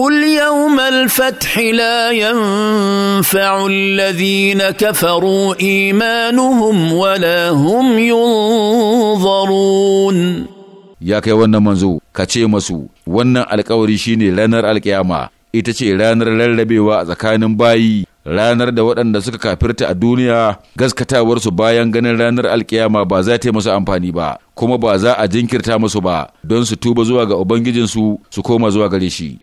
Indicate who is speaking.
Speaker 1: قل يوم الفتح لا ينفع الذين كفروا ايمانهم ولا هم ينظرون
Speaker 2: ya kai wannan manzo ka ce masu wannan alkawari shine ranar alkiyama ita ce ranar rarrabewa a tsakanin bayi ranar da waɗanda suka kafirta a duniya gaskatawarsu bayan ganin ranar alkiyama ba za ta yi musu amfani ba kuma ba za a jinkirta musu ba don su tuba zuwa ga ubangijinsu su koma zuwa gare shi